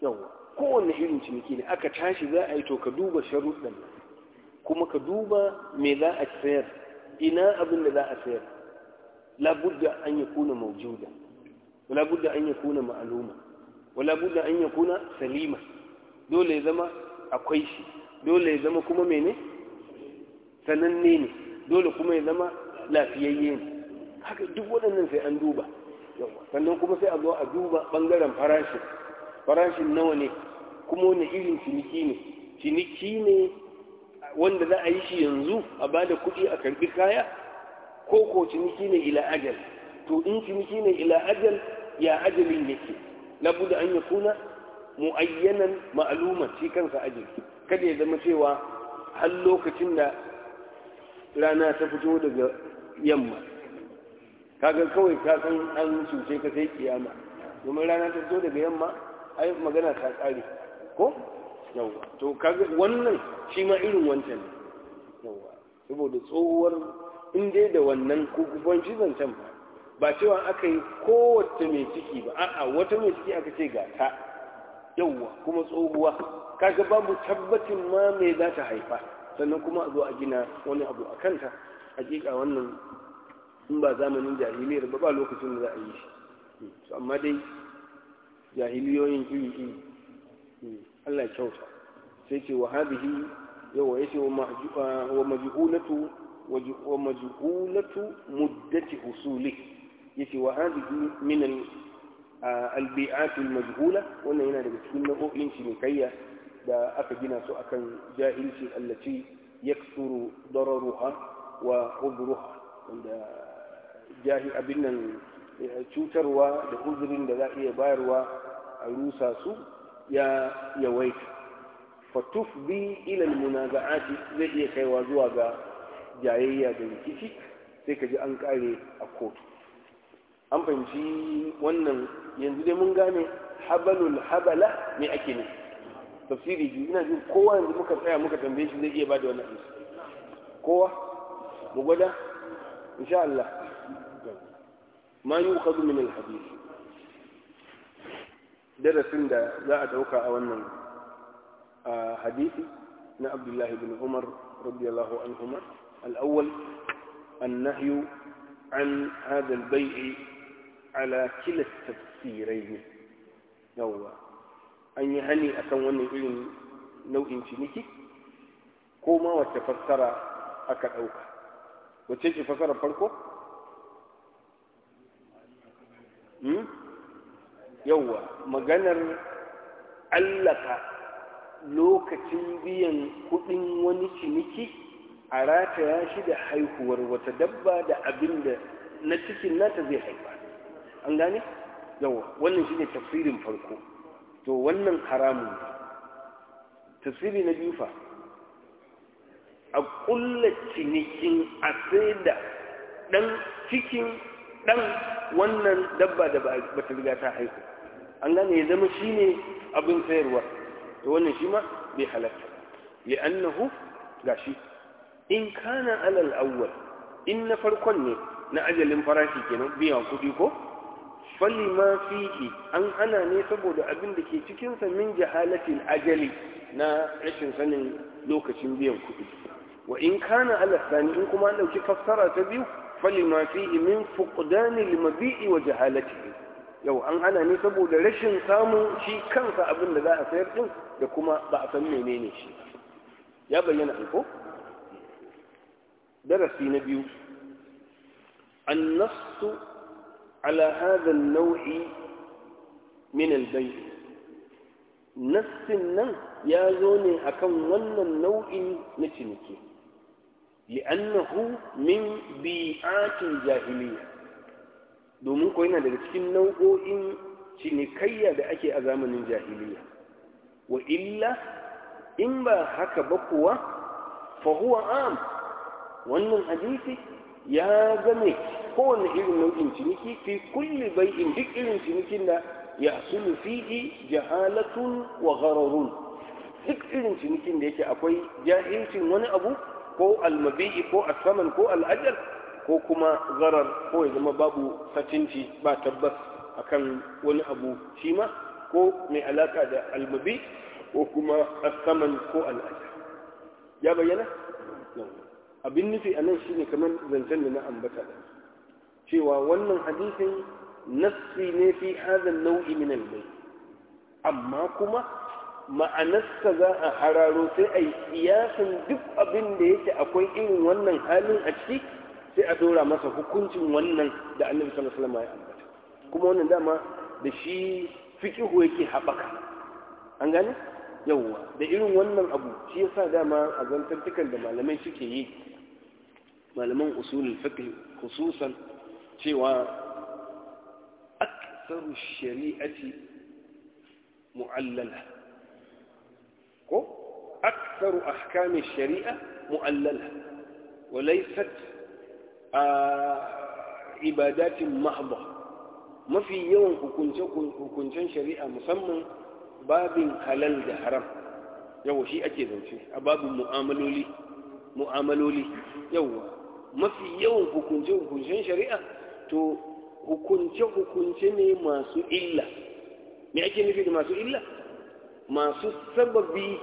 yawa kowane irin ciniki ne aka tashi za a yi to ka duba sharuɗan nan kuma ka duba me za a sayar ina abin da za a sayar labudda an ya kuna maujuda labudda an ya kuna ma'aluma labudda an ya kuna salima dole ya zama akwai shi dole ya zama kuma mene sananne ne dole kuma ya zama lafiyayye ne haka duk waɗannan sai an duba sannan kuma sai a zo a duba ɓangaren farashin farashin nawa ne kuma wani irin ciniki ne ciniki ne wanda za a yi shi yanzu a ba da kuɗi a karbi kaya ko ko ciniki ne ila ajal to in ciniki ne ila ajal ya ajalin yake labuda an ya kuna mu'ayyanan ma'aluma shi kansa ajal kada ya zama cewa har lokacin da rana ta fito daga yamma kaga kawai ka san an cuce ka sai kiyama domin rana ta fito daga yamma ai magana ta tsare ko to kaga wannan shi ma irin wancan yawa saboda tsohuwar in dai da wannan kukufan shi zancen ba ba cewa aka yi kowace mai ciki ba a'a wata mai ciki aka ce ga ta yawa kuma tsohuwa kaga babu tabbacin ma mai za ta haifa sannan kuma a zo a gina wani abu a kanta hakika wannan in ba zamanin jahiliyar ba ba lokacin da za a yi shi amma dai jahiliyoyin iri iri Allah ya kyauta sai ce wa hadhihi yawa yace wa majhulatu ah, wa majhulatu muddati husuli yace wa hadhihi min al ah, albi'at almajhula wannan yana daga cikin nau'o'in cinikayya da aka gina su akan jahilci allati yaksuru dararuha wa udruha wanda jahi abin nan eh, cutarwa da uzurin da za a iya bayarwa a rusa su ya yawaita fatufbi ila almunaza'ati zai iya kaiwa zuwa ga jayayya da rikici sai ka ji an kare a kotu an fahimci wannan yanzu dai mun gane habalul habala me ake ne tafsiri ji ina jin kowa yanzu muka tsaya muka tambaye shi zai iya ba da wannan amsa kowa mu gwada insha Allah ma yu'khadhu min al-hadith darasin da za a dauka a wannan hadisi na abdullahi bin umar radiyallahu an al-awwal an-nahyu an hadha al-bay'i ala kila yawwa an yi hani akan wannan irin nau'in ciniki ko ma wacce fassara aka dauka wacce ce fassara farko hmm? yawwa maganar allaka lokacin biyan kuɗin wani ciniki a rataya shi da haihuwar wata dabba da abin da na cikin nata zai haifa an gane Yawwa. wannan shi ne tafsirin farko to wannan haramun tafsiri na biyu fa a ƙulla cinikin a sai da ɗan cikin dan wannan dabba da ba ta riga ta haihu an gane ya zama shi ne abin sayarwa to wannan shi ma bai halatta annahu gashi in kana alal awwal in na farkon ne na ajalin farashi kenan biyan kuɗi ko fali ma fihi an hana ne saboda abin da ke cikinsa min jahalatil ajali na rashin sanin lokacin biyan kuɗi wa in kana alal sani in kuma an dauki fassara ta biyu falima fihi min fuqdani limabi'i wa yau an hana ne saboda rashin samun shi kansa abin da za a sayar din da kuma ba a san menene shi ya bayyana ko darasi na biyu annasu ala hadha nau'i min al-bay' nassin nan ya zo ne akan wannan nau'in na ciniki li'annahu min bi'atin jahiliya domin ko yana daga cikin nau'o'in cinikayya da ake a zamanin jahiliya wa illa in ba haka ba kuwa fa huwa am wannan hadisi ya game kowane irin nau'in ciniki fi kulli bai'in duk irin cinikin da ya sulu fi'i jahalatun wa duk irin cinikin da yake akwai jahilcin wani abu ko almabi'i ko asaman ko al'adar, ko kuma zarar ko ya zama babu satinci ba tabbas akan wani abu shi ma ko mai alaka da almabi ko kuma asaman ko al'ajal ya bayyana abin nufi a nan shine kamar zancen da na ambata da cewa wannan hadisin nassi ne fi hadha nau'i min al amma kuma ma'anarsa za a hararo sai a yi siyasan duk abin da yake akwai irin wannan halin a ciki sai a dora masa hukuncin wannan da annabi sallallahu alaihi wasallam ya ambata kuma wannan dama da shi fiqihu yake haɓaka an gane yawwa da irin wannan abu shi yasa dama a zantattukan da malamai suke yi malaman usulul fiqh khususan cewa aksaru shari'ati mu'allala ko aksaru ahkamin shari'a mu'allala walaisat a ibadatin mahba mafi yawan hukuncen shari'a musamman babin halal da haram yawa shi ake zance a babin mu'amaloli mu'amaloli yawa mafi yawan hukunce-hukuncen shari'a to hukunce-hukunce ne masu illa me ake nufi da masu illa masu sababi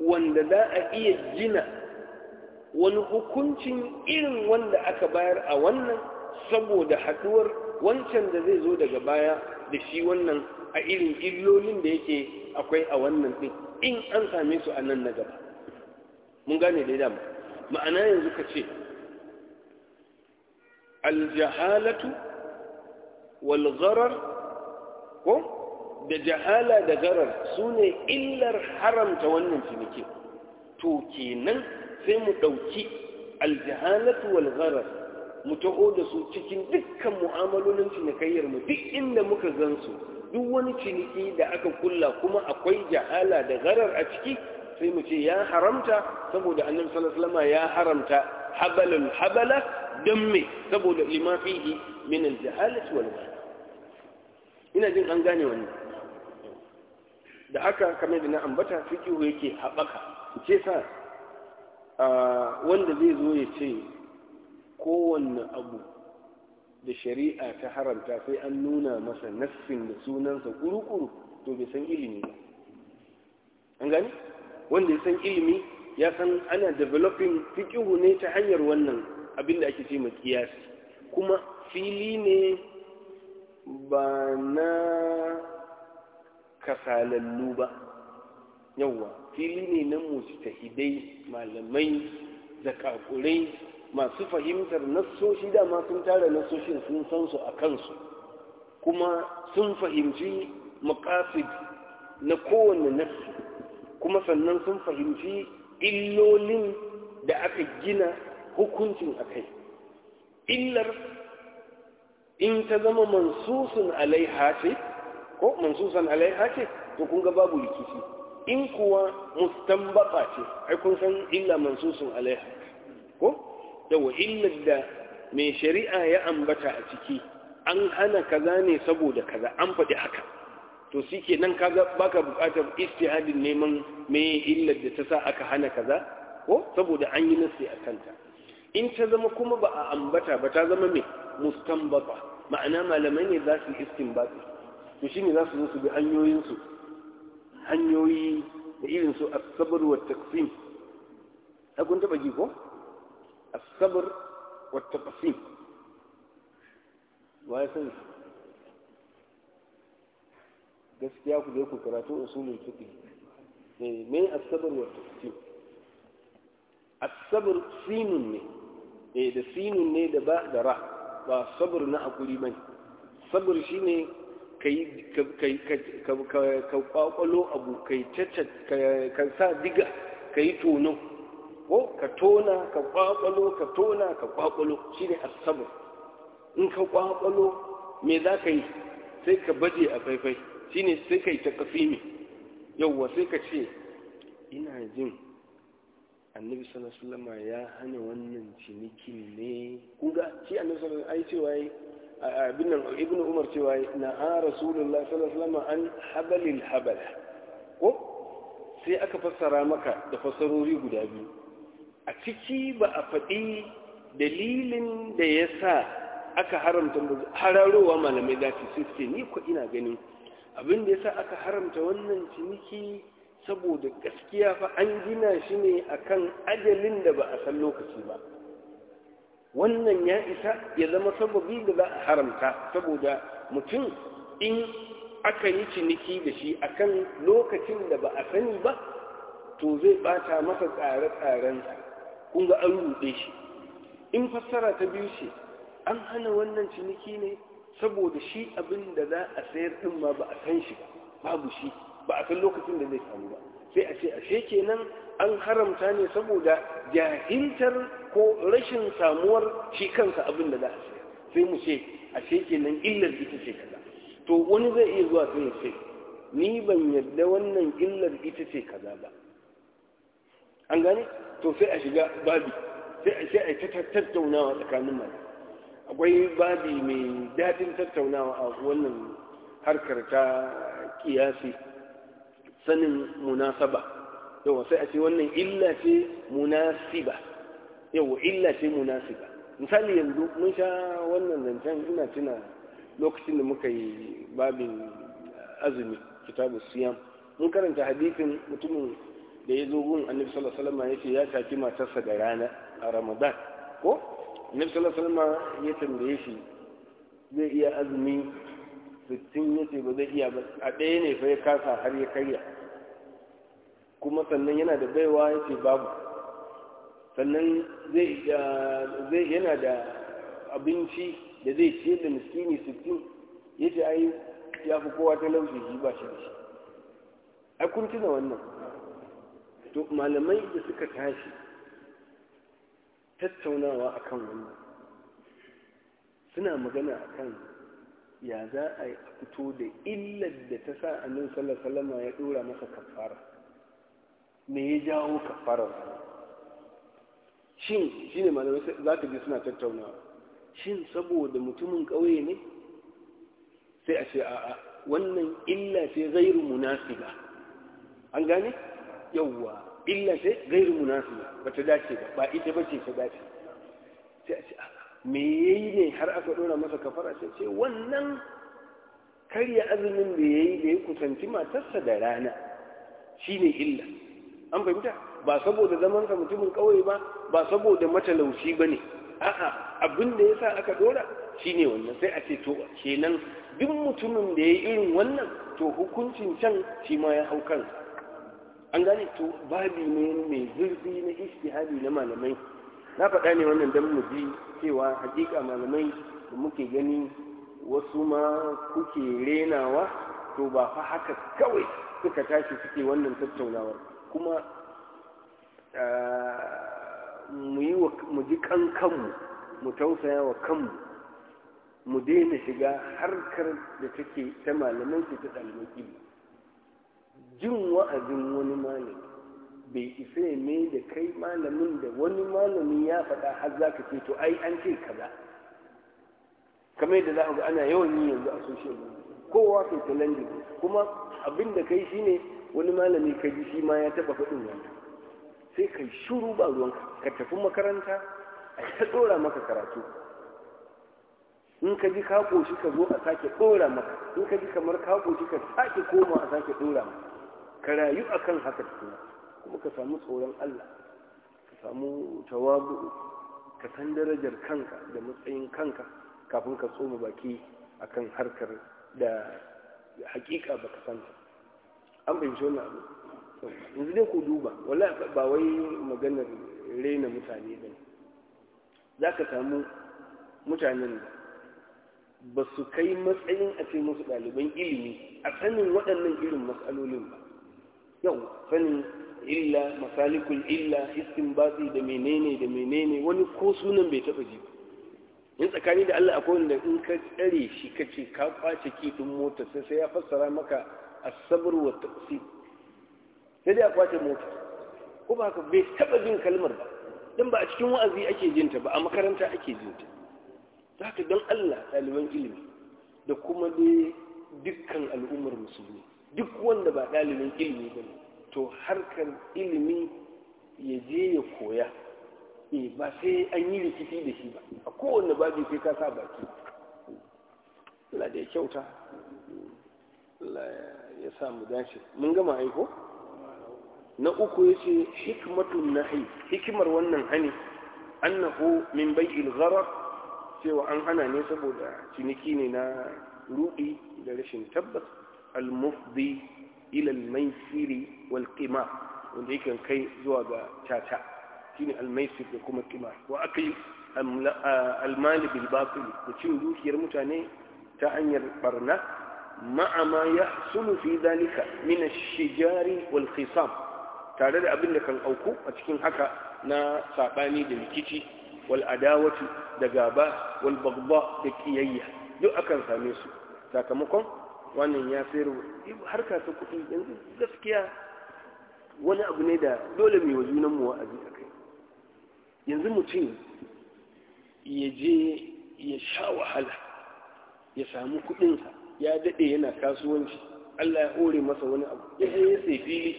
wanda za a iya jina wani hukuncin irin wanda aka bayar a wannan saboda haduwar wancan da zai zo daga baya da shi wannan a irin illolin da yake akwai a wannan din in an same su a nan na gaba mun gane da dama ma'ana yanzu ka ce aljahalatu wal ko da jahala da garar su ne illar haramta wannan ciniki to kenan sai mu ɗauki aljahalatu wal garar mu taho da su cikin dukkan mu'amalolin cinikayyar mu duk inda muka gansu duk wani ciniki da aka kulla kuma akwai jahala da garar a ciki sai mu ce ya haramta saboda annabi sallallahu ya haramta habalul habala dan me saboda lima min aljahalati wal ina jin an gane wannan da aka kamar da na ambata fikihu yake haɓaka ce sa wanda zai zo ya ce kowanne abu da shari'a ta haramta sai an nuna masa nassin da sunansa kuru-kuru to bai san ilimi ba an gani wanda ya san ilimi ya san ana developing fikihu ne ta hanyar wannan abin da ake ce ma kiyasi kuma fili ne ba na kasalallu ba yawwa fili ne na mujtahidai malamai zakakurai masu fahimtar nasoshi, dama sun tara nassoshin sun san su a kansu kuma sun fahimci maqasid na kowane nassi kuma sannan sun fahimci illolin da aka gina hukuncin akai illar in ta zama mansusun alaiha ce ko mansusan alaiha ce to kun ga babu rikici in kuwa mustanbata ce ai kun san illa mansusun alaiha ko da wa illar da mai shari'a ya ambata a ciki an hana kaza ne saboda kaza an faɗi haka to shi ke nan kaga baka buƙatar istihadin neman mai illar da ta sa aka hana kaza ko saboda an yi nasi a kanta in ta zama kuma ba a ambata ba ta zama mai mustanbata ma'ana malamai ne za su yi to shine za su zo su bi hanyoyinsu hanyoyi da irin su asabar wa taksim kun taɓa ji ko asabar wa taksim wa ya sani gaskiya ku je ku karatu usulul fiqh ne eh, me asabar wa taksim asabar sinun ne eh da sinun ne da ba da ra ba sabr na akuri bane sabr shine ka yi ka kwakwalo abu ka sa diga ka yi tono ko ka tona ka kwakwalo ka tona ka kwakwalo shi ne asabar in ka kwakwalo me za ka yi sai ka baje a faifai shi ne sai ka yi ta kafi ne yauwa sai ka ce ina jin annabi sallallahu alaihi ya hana wannan cinikin ne kuga ci shi annabi sallallahu alaihi cewa abin ibn umar cewa na a rasulullah sallallahu an habalil habala ko sai aka fassara maka da fassarori guda biyu a ciki ba a faɗi dalilin da ya sa aka haramta hararowa malamai dace sai suke ni ko ina ganin abin da ya sa aka haramta wannan ciniki saboda gaskiya fa an gina shi ne akan ajalin da ba a san lokaci ba wannan ya isa ya zama sababi da za a haramta saboda mutum in aka yi ciniki da shi akan lokacin da ba a sani ba to zai bata masa tsare-tsarensa kun ga an rude shi in fassara ta biyu ce an hana wannan ciniki ne saboda shi abin da za a sayar din ma ba a san shi ba babu shi ba a san lokacin da zai samu ba sai a ce a ce kenan an haramta ne saboda jahiltar ko rashin samuwar shi kansa abin da za a sayar sai mu ce a ce kenan illar ita ce kaza to wani zai iya zuwa sai ya ce ni ban yadda wannan illar ita ce kaza ba an gane to sai a shiga babi sai a ce a ta tattaunawa tsakanin mai akwai babi mai dadin tattaunawa a wannan harkar ta kiyasi sanin munasaba yawa sai a ce wannan illa ce munasiba yawa illa ce munasiba misali yanzu mun sha wannan zancen ina tuna lokacin da muka yi babin azumi kitabu siyam mun karanta hadisin mutumin da ya zo gun annabi sallallahu alaihi wasallam yace ya shafi matarsa da rana a ramadan ko annabi sallallahu ya tambaye shi zai iya azumi sittin ya ce ba zai iya ba a ɗaya ne fa ya kasa har ya karya kuma sannan yana da baiwa ya ce babu sannan zai yana da abinci da zai ce da miskini sittin ya ce ai ya fi kowa talauci shi ba shi da shi ai kun tuna wannan to malamai da suka tashi tattaunawa akan wannan suna magana akan ya za a fito da illar da ta sa annin sallallahu ya dora masa kafara me ya jawo kafarar shin shi ne malamai za ka ji suna tattaunawa shin saboda mutumin ƙauye ne sai a ce a'a wannan illa ce gairu munasiba an gane yawwa illa ce zairu munasiba ba ta dace ba ba ita ba ce ta dace sai a ce a'a me yayi ne har aka dora masa kafara sai ce wannan karya azumin da yayi da ya kusanci matarsa da rana shine illa an fahimta ba saboda zaman mutumin kawai ba ba saboda matalauci ne. a'a abin da sa aka dora shine wannan sai a ce to kenan duk mutumin da yayi irin wannan to hukuncin can shi ma ya hau kansa an gane to babi ne mai zurfi na ishtihadi na malamai na faɗa ne wannan dan mu ji cewa hakika malamai da muke gani wasu ma kuke renawa to ba fa haka kawai suka tashi suke wannan tattaunawar kuma eh, mu ji kan kanmu mu tausaya wa kanmu mu daina shiga harkar da take ta malamai su ta ɗalibai jin wa'azin wani malami bai isa ya mai da kai malamin da wani malami ya faɗa har za ka ce to ai an ce kaza kamar yadda za ga ana yawan yi yanzu a social media kowa kai challenging kuma abin da kai shi ne wani malami ka ji shi ma ya taɓa faɗin wani sai kai shuru ba ruwanka ka tafi makaranta a ta ɗora maka karatu in ka ji ka ƙoshi ka zo a sake ɗora maka in ka ji kamar ka ƙoshi ka sake koma a sake ɗora maka ka rayu akan haka tukuna kuma ka samu tsoron Allah ka samu tawabu ka san darajar kanka da matsayin kanka kafin ka tsoma baki akan harkar da hakika baka santa an bayyana wannan abu yanzu dai ku duba wala ba wai maganar rena mutane ba ne za ka samu mutanen da ba su kai matsayin a ce musu ɗaliban ilimi a sanin waɗannan irin matsalolin ba yau sanin illa masalikul illa istinbati da menene da menene wani ko sunan bai taba ji in tsakani da Allah akwai wanda in ka tsare shi kace ka kwace kidin mota sai sai ya fassara maka as-sabr wa taqsir sai ya kwace mota ko ba ka bai taba jin kalmar ba dan ba a cikin wa'azi ake jinta ba a makaranta ake jinta zaka dan Allah ɗaliban ilimi da kuma dai dukkan al'ummar musulmi duk wanda ba ɗalibin ilimi ba ne to harkar ilimi ya je ya koya e ba sai an yi rikici da shi ba a kowane babi sai ka sa baki Allah da ya kyauta Allah ya samu mu dace mun gama aiko na uku ya ce hikmatun na hai hikimar wannan hani annahu min bai'il gharar cewa an hana ne saboda ciniki ne na rudi da rashin tabbas al-mufdi ilal maisiri wal qima wanda yake kai zuwa ga caca shine al maisir da kuma qima wa akli al mali bil batil da cin dukiyar mutane ta hanyar barna ma'a ma yahsulu fi dalika min ash-shijari wal khisam tare da abin da kan auku a cikin haka na sabani da rikici wal adawati da gaba wal baghdha da kiyayya duk akan same su sakamakon wannan ya sayar harka ta kuɗi yanzu gaskiya wani abu ne da dole mai wa junanmu wa'azi a kai yanzu mutum ya je ya sha wahala ya samu kuɗinsa ya daɗe yana kasuwanci Allah ya hore masa wani abu ya sai ya sai fili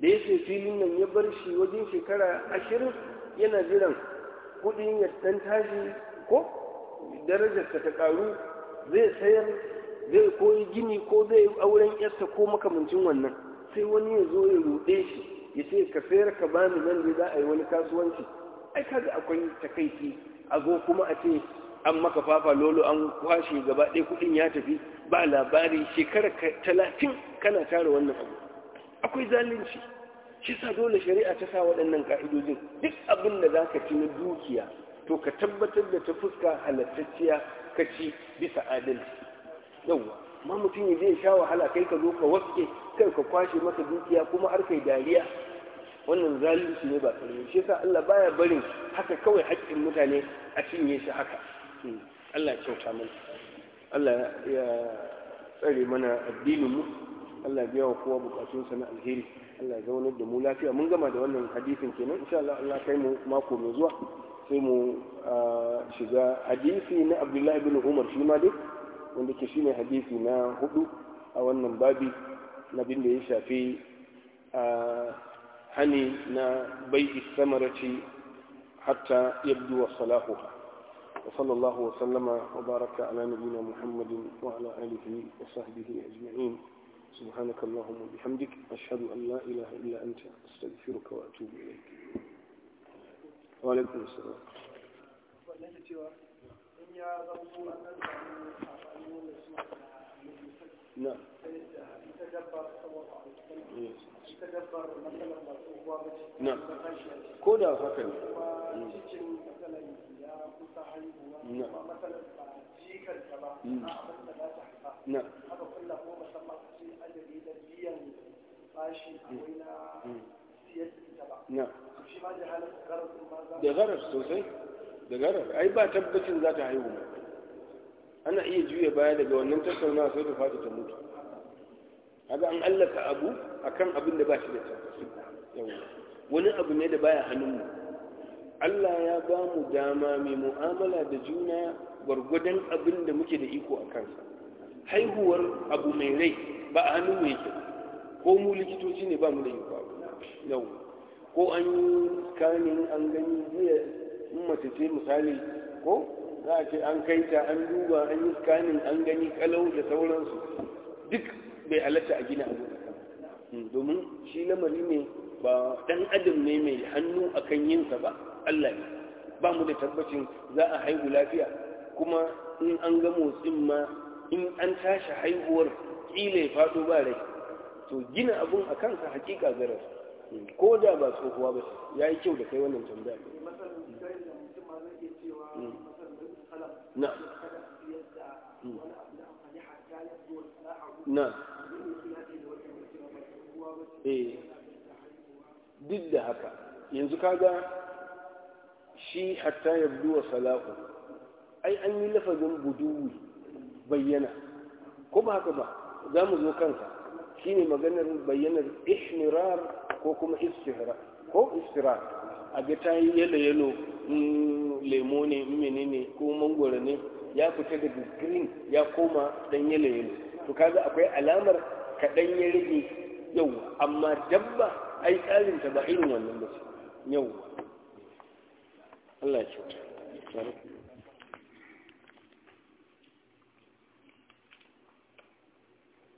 da ya sai filin nan ya bar shi wajen shekara ashirin yana jiran kuɗin ya dan tashi ko darajarsa ta ƙaru zai sayar zai koyi gini ko zai yi auren yarsa ko makamancin wannan sai wani ya zo ya ruɗe shi ya ce ka sayar ka bani nan za a yi wani kasuwanci ai kaga akwai takaici a zo kuma a ce an maka fafa lolo an kwashe gaba ɗaya kuɗin ya tafi ba labari shekara talatin kana tara wannan abu akwai zalunci shi sa dole shari'a ta sa waɗannan ka'idojin duk abin da za ka ci na dukiya to ka tabbatar da ta fuska halattacciya ka ci bisa adalci yawwa ma mutum ya zai sha wahala kai ka zo ka waske kai ka kwashe masa dukiya kuma har kai dariya wannan zalunci ne ba karami shi yasa Allah baya barin haka kawai haƙƙin mutane a cinye shi haka hmm, Allah ya kyauta mana Allah ya tsare mana addinin mu Allah ya biya wa kowa sa na alheri Allah ya zaunar da mu lafiya mun gama da wannan hadisin kenan insha Allah Allah kai mu mako mai zuwa sai mu ah, shiga hadisi na Abdullahi bin Umar shi ma dai wanda ke shine hadisi na hudu a wannan babi na bin da ya shafi a hani na bai'i samarci hatta yabdu wa salahuha wa sallallahu wa sallama wa baraka ala nabiyina muhammadin wa ala alihi wa sahbihi ajma'in سبحانك اللهم وبحمدك أشهد أن لا إله إلا أنت أستغفرك وأتوب إليك وعليكم السلام نعم نعم كودا هكذا نعم نعم نعم da garar sosai da garar ai ba tabbacin za ta haihu ana iya juya baya daga wannan tattaunawa sai ta fata ta mutu haka an allaka abu akan abin da ba shi da tabbas wani abu ne da baya hannunmu Allah ya ba mu dama mai mu'amala da juna gwargwadon abin da muke da iko a kansa haihuwar abu mai rai ba a hannun mu yake ko mu likitoci ne ba mu da iko yau ko an yi kanin an gani zai misali ko za a ce an kai ta an duba an yi scanning an gani kalau da sauransu duk bai alata a gina abu hmm, domin shi lamari ne ba dan adam ne mai hannu akan yin sa ba Allah ne ba mu da tabbacin za a haihu lafiya kuma in an ga motsin ma in an tashi haihuwar kila ya fado ba rai to gina abun a kansa hakika garar hmm, ko da ba tsohuwa ba ya yi kyau da kai wannan tambaya hmm. na na duk da haka yanzu kaga shi hatta yabdu wa salaku. ai an yi lafazin buduwi bayyana ko ba haka ba za mu zo shi shine maganar bayyanar ishmirar ko kuma istihra ko istirar a ga ta yi yalo-yalo in lemo ne mini menene ko mangoro ne ya fita daga green ya koma dan yalo yalo to kaga akwai alamar kaɗan ya rage yau amma dabba ai ta ba irin wannan ba yau Allah ya